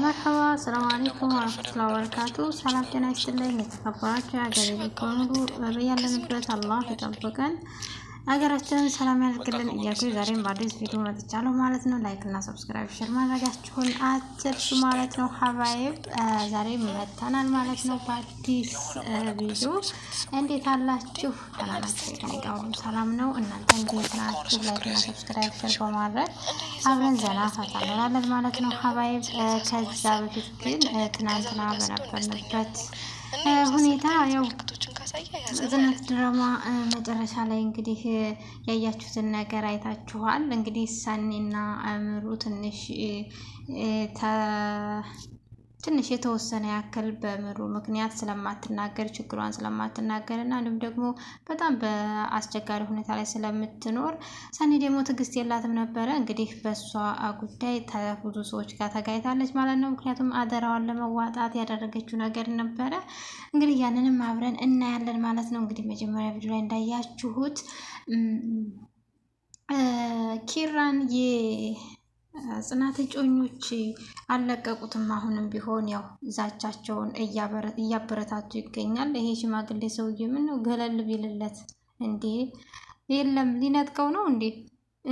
መርሐባ ሰላም አለይኩም ወረሕመቱላሂ ወበረካቱ። ሰላም ጤና ይስጥልኝ የተከበራችሁ የሀገሬ ቤት በሙሉ ያለንበት አላህ ይጠብቀን። ሀገራችንን ሰላም ያድርግልን እያልኩኝ ዛሬም በአዲስ ቪዲዮ መጥቻለሁ ማለት ነው። ላይክ እና ሰብስክራይብ ሼር ማድረጋችሁን አትርሱ ማለት ነው። ሀባይብ ዛሬም መጥተናል ማለት ነው በአዲስ ቪዲዮ። እንዴት አላችሁ? ሰላማችሁ የተነጋውም ሰላም ነው። እናንተ እንዴት ናችሁ? ላይክ እና ሰብስክራይብ ሼር በማድረግ አብረን ዘና ፈታ እንላለን ማለት ነው ሀባይብ። ከዛ በፊት ግን ትናንትና በነበርንበት ሁኔታ ያው ጽናት ድራማ መጨረሻ ላይ እንግዲህ ያያችሁትን ነገር አይታችኋል። እንግዲህ ሰኔና አእምሩ ትንሽ ትንሽ የተወሰነ ያክል በምሩ ምክንያት ስለማትናገር ችግሯን ስለማትናገር እና እንዲሁም ደግሞ በጣም በአስቸጋሪ ሁኔታ ላይ ስለምትኖር ሰኒ ደግሞ ትዕግስት የላትም ነበረ። እንግዲህ በእሷ ጉዳይ ብዙ ሰዎች ጋር ተጋይታለች ማለት ነው። ምክንያቱም አደራዋን ለመዋጣት ያደረገችው ነገር ነበረ። እንግዲህ ያንንም አብረን እናያለን ማለት ነው። እንግዲህ መጀመሪያ ቪዲዮ ላይ እንዳያችሁት ኪራን ጽናት እጮኞች አልለቀቁትም። አሁንም ቢሆን ያው ዛቻቸውን እያበረታቱ ይገኛል። ይሄ ሽማግሌ ሰውዬ ምን ነው ገለል ቢልለት እንዴ! የለም ሊነጥቀው ነው እንዴ?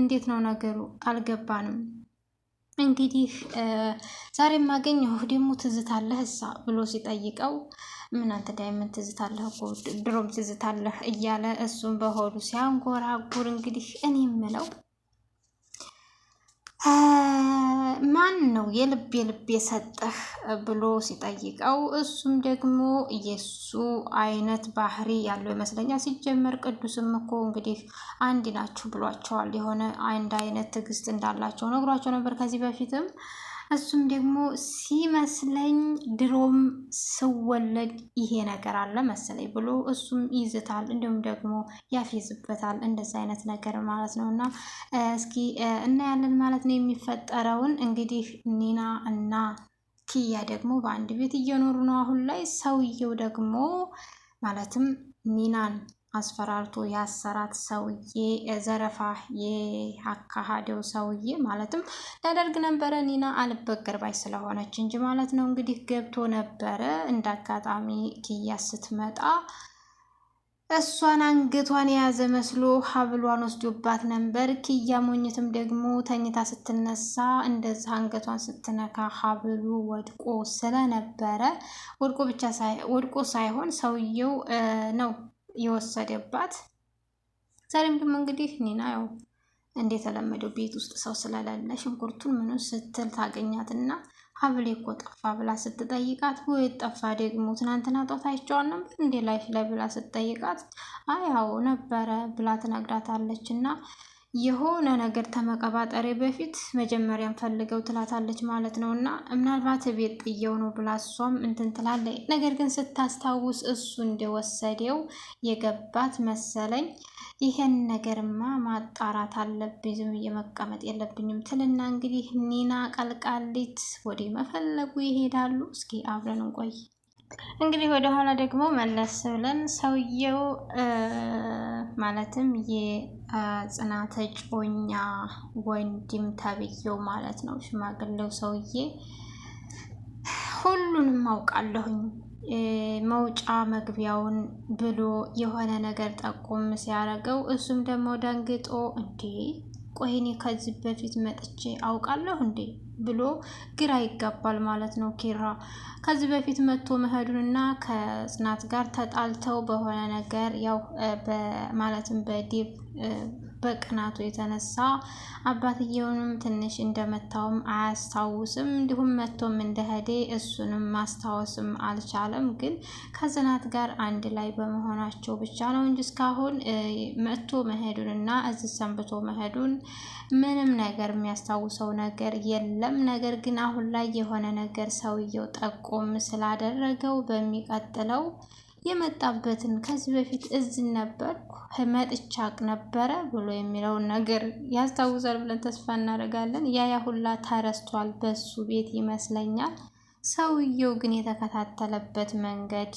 እንዴት ነው ነገሩ? አልገባንም። እንግዲህ ዛሬ የማገኘው ደግሞ ትዝታለህ እሳ ብሎ ሲጠይቀው ምን አንተ ዳይመንድ ትዝታለህ እኮ ድሮም ትዝታለህ እያለ እሱን በሆዱ ሲያንጎራጉር እንግዲህ እኔ የምለው ማን ነው የልብ የልብ የሰጠህ ብሎ ሲጠይቀው እሱም ደግሞ የሱ አይነት ባህሪ ያለው ይመስለኛል። ሲጀመር ቅዱስም እኮ እንግዲህ አንድ ናችሁ ብሏቸዋል። የሆነ አንድ አይነት ትዕግስት እንዳላቸው ነግሯቸው ነበር ከዚህ በፊትም እሱም ደግሞ ሲመስለኝ ድሮም ስወለድ ይሄ ነገር አለ መሰለኝ ብሎ እሱም ይዝታል፣ እንዲሁም ደግሞ ያፌዝበታል። እንደዚ አይነት ነገር ማለት ነው እና እስኪ እናያለን ማለት ነው የሚፈጠረውን እንግዲህ ኒና እና ኪያ ደግሞ በአንድ ቤት እየኖሩ ነው አሁን ላይ ሰውየው ደግሞ ማለትም ኒናን አስፈራርቶ ያሰራት ሰውዬ ዘረፋ የአካሃደው ሰውዬ ማለትም ታደርግ ነበረ። ኒና አልበገር ባይ ስለሆነች እንጂ ማለት ነው። እንግዲህ ገብቶ ነበረ። እንደ አጋጣሚ ክያ ስትመጣ እሷን አንገቷን የያዘ መስሎ ሀብሏን ወስዶባት ነበር። ክያ ሞኝትም ደግሞ ተኝታ ስትነሳ እንደዚህ አንገቷን ስትነካ ሀብሉ ወድቆ ስለነበረ ወድቆ ብቻ ወድቆ ሳይሆን ሰውየው ነው የወሰደባት። ዛሬም ደግሞ እንግዲህ ኒና ያው እንደተለመደው ቤት ውስጥ ሰው ስለሌለ ሽንኩርቱን ምኑ ስትል ታገኛትና ሀብሌ እኮ ጠፋ ብላ ስትጠይቃት፣ ወይ ጠፋ ደግሞ ትናንትና ጦት አይቼዋለሁ እንዴ ላይፍ ላይ ብላ ስትጠይቃት፣ አይ ያው ነበረ ብላ ትነግራታለች እና የሆነ ነገር ተመቀባጠሪ በፊት መጀመሪያም ፈልገው ትላታለች ማለት ነው። እና ምናልባት ቤት ጥየው ነው ብላ እሷም እንትን ትላለች። ነገር ግን ስታስታውስ እሱ እንደወሰደው የገባት መሰለኝ። ይሄን ነገርማ ማጣራት አለብኝ፣ ዝም እየመቀመጥ የለብኝም ትልና እንግዲህ ኒና ቀልቃሊት ወደ መፈለጉ ይሄዳሉ። እስኪ አብረን እንቆይ። እንግዲህ ወደኋላ ደግሞ መለስ ብለን ሰውየው ማለትም የጽናተ ጮኛ ወንድም ተብዬው ማለት ነው። ሽማግሌው ሰውዬ ሁሉንም አውቃለሁኝ መውጫ መግቢያውን ብሎ የሆነ ነገር ጠቁም ሲያደርገው እሱም ደግሞ ደንግጦ እንዴ ቆይ እኔ ከዚህ በፊት መጥቼ አውቃለሁ እንዴ ብሎ ግራ ይጋባል ማለት ነው። ኪራ ከዚህ በፊት መጥቶ መሄዱንና ከጽናት ጋር ተጣልተው በሆነ ነገር ያው ማለትም በዴብ በቅናቱ የተነሳ አባትየውንም ትንሽ እንደመታውም አያስታውስም፣ እንዲሁም መቶም እንደሄደ እሱንም ማስታወስም አልቻለም። ግን ከጽናት ጋር አንድ ላይ በመሆናቸው ብቻ ነው እንጂ እስካሁን መቶ መሄዱን እና እዚህ ሰንብቶ መሄዱን ምንም ነገር የሚያስታውሰው ነገር የለም። ነገር ግን አሁን ላይ የሆነ ነገር ሰውየው ጠቆም ስላደረገው በሚቀጥለው የመጣበትን ከዚህ በፊት እዝ ነበርኩ መጥቻቅ ነበረ ብሎ የሚለውን ነገር ያስታውሳል ብለን ተስፋ እናደርጋለን። ያያሁላ ሁላ ተረስቷል በሱ ቤት ይመስለኛል። ሰውየው ግን የተከታተለበት መንገድ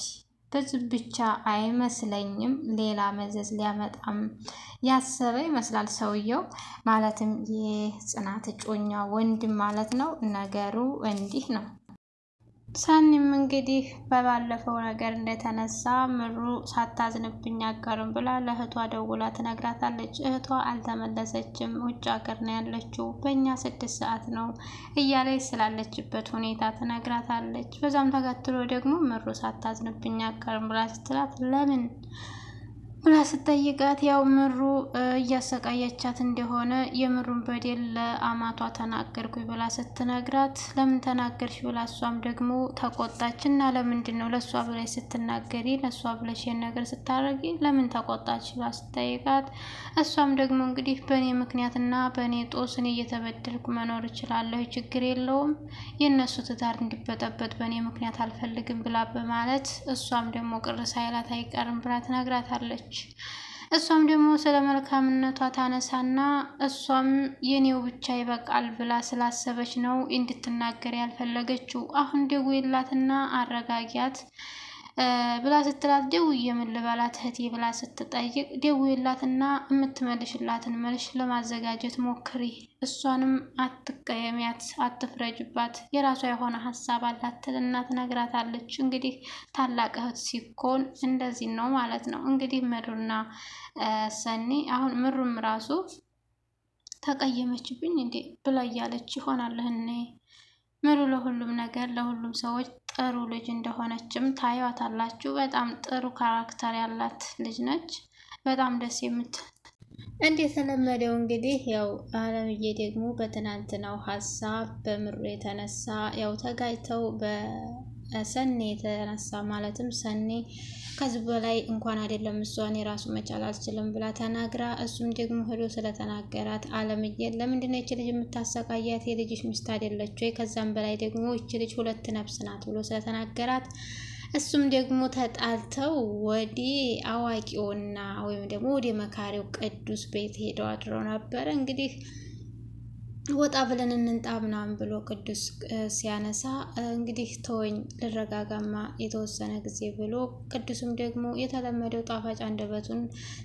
በዚህ ብቻ አይመስለኝም። ሌላ መዘዝ ሊያመጣም ያሰበ ይመስላል ሰውየው፣ ማለትም የጽናት እጮኛ ወንድም ማለት ነው። ነገሩ እንዲህ ነው። ሰኒም እንግዲህ በባለፈው ነገር እንደተነሳ ምሩ ሳታዝንብኝ አጋሩም ብላ ለእህቷ ደውላ ትነግራታለች። እህቷ አልተመለሰችም፣ ውጭ ሀገር ነው ያለችው፣ በእኛ ስድስት ሰዓት ነው እያለች ስላለችበት ሁኔታ ትነግራታለች። በዛም ተከትሎ ደግሞ ምሩ ሳታዝንብኝ አጋሩም ብላ ስትላት ለምን ብላ ስጠይቃት ያው ምሩ እያሰቃየቻት እንደሆነ የምሩን በደል ለአማቷ ተናገርኩኝ ብላ ስትነግራት ለምን ተናገርሽ ብላ እሷም ደግሞ ተቆጣች እና ለምንድን ነው ለእሷ ብለሽ ስትናገሪ ለእሷ ብለሽ ነገር ስታደርጊ ለምን ተቆጣች ብላ ስጠይቃት እሷም ደግሞ እንግዲህ በእኔ ምክንያትና በእኔ ጦስ እኔ እየተበደልኩ መኖር እችላለሁ፣ ችግር የለውም የእነሱ ትዳር እንዲበጠበጥ በእኔ ምክንያት አልፈልግም ብላ በማለት እሷም ደግሞ ቅር ሳይላት አይቀርም ብላ ትነግራታለች። እሷም ደግሞ ስለ መልካምነቷ ታነሳና እሷም የኔው ብቻ ይበቃል ብላ ስላሰበች ነው እንድትናገር ያልፈለገችው። አሁን ደውይላትና አረጋጊያት ብላ ስትላት ደውዬ ምን ልበላት እህቴ ብላ ስትጠይቅ ደውዬላትና የምትመልሽላትን መልሽ ለማዘጋጀት ሞክሪ። እሷንም አትቀየሚያት፣ አትፍረጅባት፣ የራሷ የሆነ ሀሳብ አላት ትልና ትነግራታለች። እንግዲህ ታላቅ እህት ሲኮን እንደዚህ ነው ማለት ነው። እንግዲህ ምሩና ሰኒ አሁን ምሩም ራሱ ተቀየመችብኝ እንዴ ብላ እያለች ይሆናል እኔ ምሩ ለሁሉም ነገር ለሁሉም ሰዎች ጥሩ ልጅ እንደሆነችም ታዩዋታላችሁ። በጣም ጥሩ ካራክተር ያላት ልጅ ነች። በጣም ደስ የምትል እንደተለመደው እንግዲህ ያው አለምዬ ደግሞ በትናንትናው ሀሳብ በምሩ የተነሳ ያው ተጋጅተው በ ሰኔ የተነሳ ማለትም ሰኔ ከዚህ በላይ እንኳን አይደለም እሷን የራሱ መቻል አልችልም ብላ ተናግራ እሱም ደግሞ ሄዶ ስለተናገራት አለምዬ ለምንድነው ይች ልጅ የምታሰቃያት የልጅሽ ሚስት አይደለች ወይ? ከዛም በላይ ደግሞ ይች ልጅ ሁለት ነፍስ ናት ብሎ ስለተናገራት እሱም ደግሞ ተጣልተው ወደ አዋቂውና ወይም ደግሞ ወደ መካሪው ቅዱስ ቤት ሄደው አድረው ነበረ እንግዲህ ወጣ ብለን እንንጣ ምናምን ብሎ ቅዱስ ሲያነሳ እንግዲህ ተወኝ ልረጋጋማ የተወሰነ ጊዜ ብሎ ቅዱስም ደግሞ የተለመደው ጣፋጭ አንደበቱን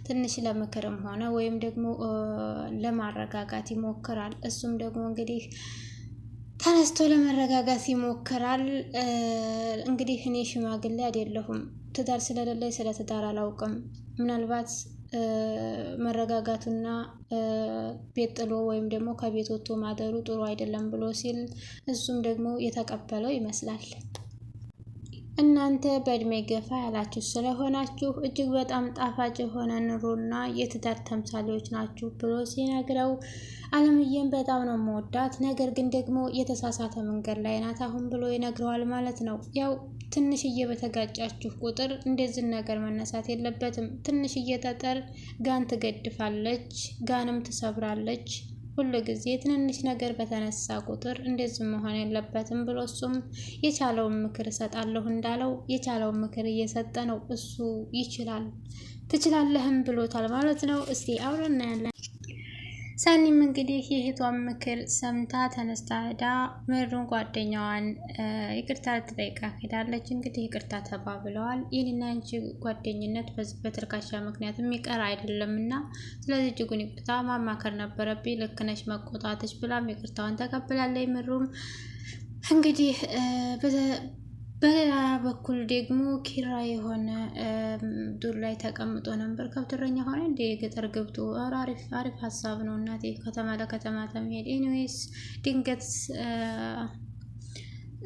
ትንሽ ለምክርም ሆነ ወይም ደግሞ ለማረጋጋት ይሞክራል። እሱም ደግሞ እንግዲህ ተነስቶ ለመረጋጋት ይሞክራል። እንግዲህ እኔ ሽማግሌ አይደለሁም፣ ትዳር ስለሌለኝ ስለ ትዳር አላውቅም። ምናልባት መረጋጋቱና ቤት ጥሎ ወይም ደግሞ ከቤት ወጥቶ ማደሩ ጥሩ አይደለም ብሎ ሲል እሱም ደግሞ የተቀበለው ይመስላል። እናንተ በእድሜ ገፋ ያላችሁ ስለሆናችሁ እጅግ በጣም ጣፋጭ የሆነ ኑሮና የትዳር ተምሳሌዎች ናችሁ ብሎ ሲነግረው አለምዬን በጣም ነው መወዳት፣ ነገር ግን ደግሞ የተሳሳተ መንገድ ላይ ናት አሁን ብሎ ይነግረዋል ማለት ነው ያው ትንሽዬ በተጋጫችሁ ቁጥር እንደዚህ ነገር መነሳት የለበትም። ትንሽዬ ጠጠር ጋን ትገድፋለች፣ ጋንም ትሰብራለች። ሁሉ ጊዜ ትንንሽ ነገር በተነሳ ቁጥር እንደዚህ መሆን የለበትም ብሎ እሱም የቻለውን ምክር እሰጣለሁ እንዳለው የቻለውን ምክር እየሰጠ ነው። እሱ ይችላል ትችላለህም ብሎታል ማለት ነው። እስቲ አብረን እናያለን። ሰኒም እንግዲህ የእህቷን ምክር ሰምታ ተነስታ ሄዳ መሩን ጓደኛዋን ይቅርታ ልትጠይቃ ሄዳለች። እንግዲህ ይቅርታ ተባብለዋል። ይህንና አንቺ ጓደኝነት በዚህ በትርካሻ ምክንያት የሚቀር አይደለም እና ስለዚህ እጅጉን ይቅርታ ማማከር ነበረብኝ፣ ልክ ነሽ መቆጣትሽ ብላም ይቅርታዋን ተቀብላለች። ምሩም እንግዲህ በሌላ በኩል ደግሞ ኪራ የሆነ ዱር ላይ ተቀምጦ ነበር። ከብትረኛ ሆነ እንደ ገጠር ገብቶ አሪፍ ሀሳብ ነው እናቴ፣ ከተማ ለከተማ ተመሄድ። ኤኒዌይስ ድንገት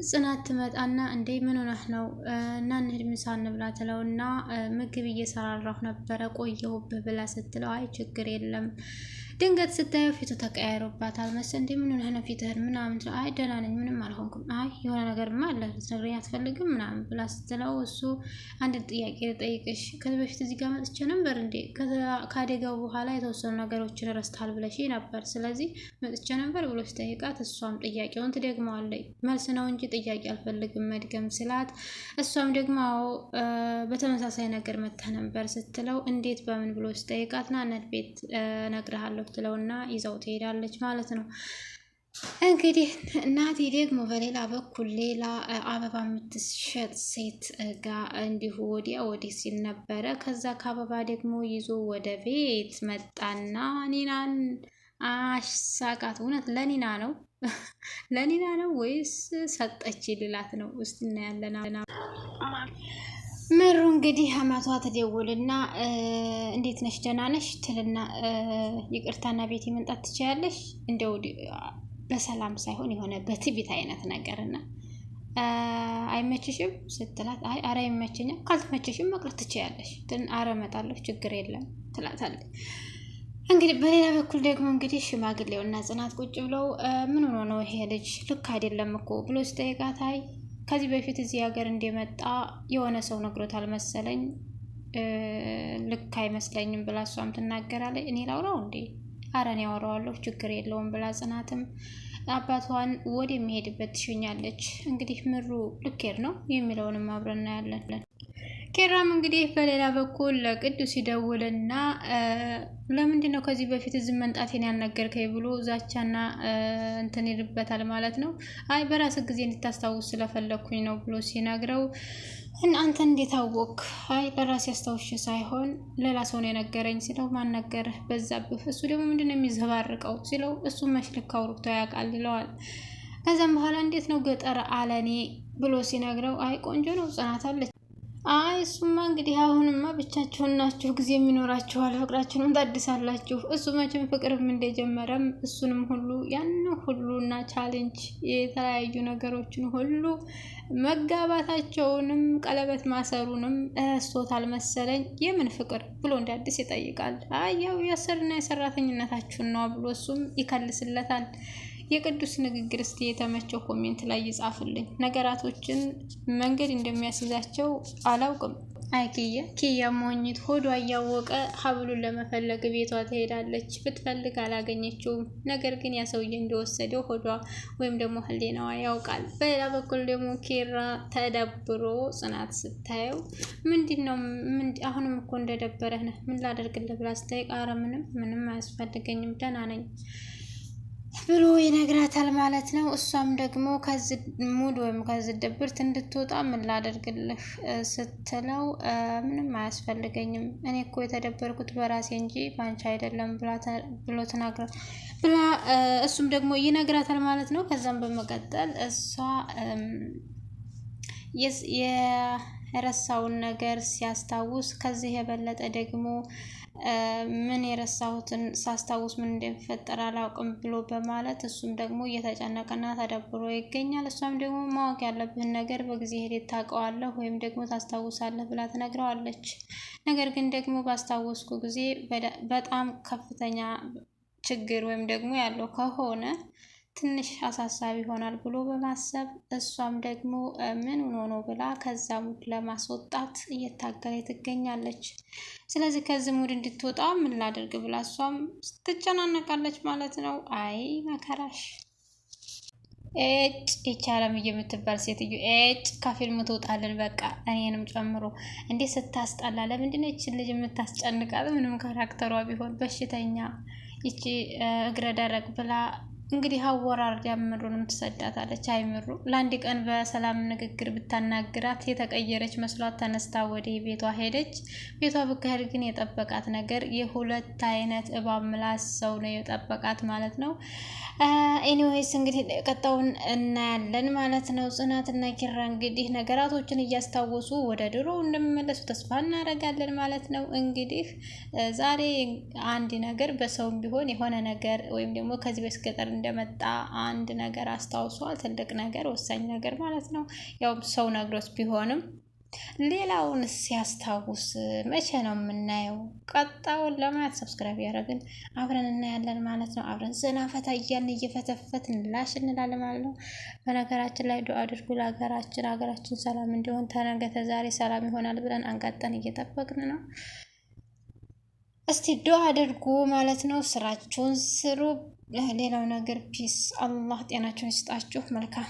ጽናት ትመጣና እንዴ ምን ሆነህ ነው? እና እንሂድ ምሳ እንብላ ትለውና ምግብ እየሰራራሁ ነበረ ቆየሁብህ ብላ ስትለው አይ ችግር የለም ድንገት ስታየው ፊቱ ተቀያይሮባታል መሰል። እንዴ ምን ሆነህ ነው ፊትህን? ምናምን አይ ደህና ነኝ፣ ምንም አልሆንኩም። አይ የሆነ ነገርማ አለ ልትነግረኝ አትፈልግም? ምናምን ብላ ስትለው እሱ አንድ ጥያቄ ልጠይቅሽ፣ ከዚህ በፊት እዚህ ጋር መጥቼ ነበር እንዴ? ከአደጋው በኋላ የተወሰኑ ነገሮችን ረስተሃል ብለሽ ነበር፣ ስለዚህ መጥቼ ነበር ብሎ ሲጠይቃት እሷም ጥያቄውን ትደግመዋለች። መልስ ነው እንጂ ጥያቄ አልፈልግም መድገም ስላት እሷም ደግሞ በተመሳሳይ ነገር መተህ ነበር ስትለው እንዴት በምን ብሎ ሲጠይቃት ና ቤት እነግርሃለሁ ታስከትለውና ይዘው ትሄዳለች ማለት ነው። እንግዲህ እናቴ ደግሞ በሌላ በኩል ሌላ አበባ የምትሸጥ ሴት ጋ እንዲሁ ወዲያ ወዲህ ሲል ነበረ። ከዛ ከአበባ ደግሞ ይዞ ወደ ቤት መጣና ኒናን አሳቃት። እውነት ለኒና ነው ለኒና ነው ወይስ ሰጠች ልላት ነው? ውስጥ እናያለን። ምሩ እንግዲህ አማቷ ትደውልና እንዴት ነሽ ደህና ነሽ ትልና ይቅርታና ቤት መምጣት ትችያለሽ እንደው በሰላም ሳይሆን የሆነ በትቢት አይነት ነገርና አይመችሽም ስትላት አይ አረ ይመችኛል ካልትመችሽም መቅረት ትችያለሽ ትን አረ እመጣለሁ ችግር የለም ትላታለች እንግዲህ በሌላ በኩል ደግሞ እንግዲህ ሽማግሌውና ጽናት ቁጭ ብለው ምን ሆኖ ነው ይሄ ልጅ ልክ አይደለም እኮ ብሎ ሲጠይቃት አይ ከዚህ በፊት እዚህ ሀገር እንደመጣ የሆነ ሰው ነግሮታል መሰለኝ። ልክ አይመስለኝም ብላ እሷም ትናገራለች። እኔ ላውራው እንዴ? አረ እኔ ያወራዋለሁ ችግር የለውም ብላ ጽናትም አባቷን ወደ የሚሄድበት ትሸኛለች። እንግዲህ ምሩ ልኬድ ነው የሚለውንም አብረን እናያለን። ኬራም እንግዲህ በሌላ በኩል ለቅዱስ ይደውልና ለምንድን ነው ከዚህ በፊት እዚህ መምጣቴን ያልነገርከኝ ብሎ ዛቻና እንትን ይልበታል ማለት ነው። አይ በራስ ጊዜ እንድታስታውስ ስለፈለግኩኝ ነው ብሎ ሲነግረው እናንተ እንዴት አወቅክ? አይ በራስ ያስታውሽ ሳይሆን ሌላ ሰው ነው የነገረኝ ሲለው ማን ነገረህ? በዛብህ። እሱ ደግሞ ምንድነው የሚዘባርቀው ሲለው እሱ መሽልክ አውርቶ ያውቃል ይለዋል። ከዚያም በኋላ እንዴት ነው ገጠር አለኔ ብሎ ሲነግረው አይ ቆንጆ ነው ጽናት አለች አይ እሱማ እንግዲህ አሁንማ ብቻችሁን ናችሁ፣ ጊዜ የሚኖራችኋል፣ ፍቅራችሁንም ታድሳላችሁ። እሱ መቼም ፍቅርም እንደጀመረም እሱንም ሁሉ ያን ሁሉ እና ቻሌንጅ የተለያዩ ነገሮችን ሁሉ መጋባታቸውንም ቀለበት ማሰሩንም ረስቶታል መሰለኝ። የምን ፍቅር ብሎ እንዲያድስ ይጠይቃል። አይ ያው የአሰሪና የሰራተኝነታችሁን ነው ብሎ እሱም ይከልስለታል። የቅዱስ ንግግር እስቲ የተመቸው ኮሜንት ላይ ይጻፍልኝ። ነገራቶችን መንገድ እንደሚያስይዛቸው አላውቅም። አይ ኪያ ኪያ ሞኝት ሆዷ እያወቀ ሀብሉን ለመፈለግ ቤቷ ትሄዳለች። ብትፈልግ አላገኘችውም። ነገር ግን ያ ሰውዬ እንደወሰደው ሆዷ ወይም ደግሞ ህሌናዋ ያውቃል። በሌላ በኩል ደግሞ ኬራ ተደብሮ ጽናት ስታየው ምንድን ነው አሁንም እኮ እንደደበረህ ነህ ምን ላደርግልህ ብላ ስታይ ምንም ምንም አያስፈልገኝም ደህና ነኝ ብሎ ይነግራታል ማለት ነው። እሷም ደግሞ ከዚህ ሙድ ወይም ከዚ ድብርት እንድትወጣ ምን ላደርግልህ ስትለው ምንም አያስፈልገኝም እኔ እኮ የተደበርኩት በራሴ እንጂ ባንቺ አይደለም ብሎ ተናግራል ብላ እሱም ደግሞ ይነግራታል ማለት ነው። ከዛም በመቀጠል እሷ የረሳውን ነገር ሲያስታውስ ከዚህ የበለጠ ደግሞ ምን የረሳሁትን ሳስታውስ ምን እንደሚፈጠር አላውቅም ብሎ በማለት እሱም ደግሞ እየተጨነቀና ተደብሮ ይገኛል። እሷም ደግሞ ማወቅ ያለብህን ነገር በጊዜ ሂደት ታውቀዋለህ ወይም ደግሞ ታስታውሳለህ ብላ ትነግረዋለች። ነገር ግን ደግሞ ባስታወስኩ ጊዜ በጣም ከፍተኛ ችግር ወይም ደግሞ ያለው ከሆነ ትንሽ አሳሳቢ ይሆናል ብሎ በማሰብ እሷም ደግሞ ምን ሆኖ ነው ብላ ከዛ ሙድ ለማስወጣት እየታገለች ትገኛለች። ስለዚህ ከዚህ ሙድ እንድትወጣ ምን ላደርግ ብላ እሷም ትጨናነቃለች ማለት ነው። አይ መከራሽ። ኤጭ ይቻለም የምትባል ሴትዮ ኤጭ ከፊልም ትውጣልን በቃ እኔንም ጨምሮ እንዴት ስታስጠላ! ለምንድነው ይችን ልጅ የምታስጨንቃት? ምንም ካራክተሯ ቢሆን በሽተኛ ይቺ እግረ ደረቅ ብላ እንግዲህ አወራርዳ ምሩንም ትሰዳታለች። አይ ምሩ ለአንድ ቀን በሰላም ንግግር ብታናግራት የተቀየረች መስሏት ተነስታ ወደ ቤቷ ሄደች። ቤቷ ብካሄድ ግን የጠበቃት ነገር የሁለት አይነት እባብ ምላስ ሰው ነው የጠበቃት ማለት ነው። ኤኒዌይስ እንግዲህ ቀጣውን እናያለን ማለት ነው። ጽናትና ኪራ እንግዲህ ነገራቶችን እያስታወሱ ወደ ድሮ እንደሚመለሱ ተስፋ እናደርጋለን ማለት ነው። እንግዲህ ዛሬ አንድ ነገር በሰውም ቢሆን የሆነ ነገር ወይም ደግሞ ከዚህ በስገጠር እንደመጣ አንድ ነገር አስታውሷል። ትልቅ ነገር፣ ወሳኝ ነገር ማለት ነው። ያው ሰው ነግሮት ቢሆንም ሌላውን ሲያስታውስ መቼ ነው የምናየው? ቀጣውን ለማየት ሰብስክራይብ ያደረግን አብረን እናያለን ማለት ነው። አብረን ዘና ፈታ እያልን እየፈተፈትን ላሽ እንላለን ማለት ነው። በነገራችን ላይ ዱ አድርጉ ለሀገራችን፣ ሀገራችን ሰላም እንዲሆን ተነገ ተዛሬ ሰላም ይሆናል ብለን አንጋጠን እየጠበቅን ነው። እስቲ ዶ አድርጉ ማለት ነው። ስራችሁን ስሩ። ሌላው ነገር ፒስ። አላህ ጤናችሁን ይስጣችሁ። መልካም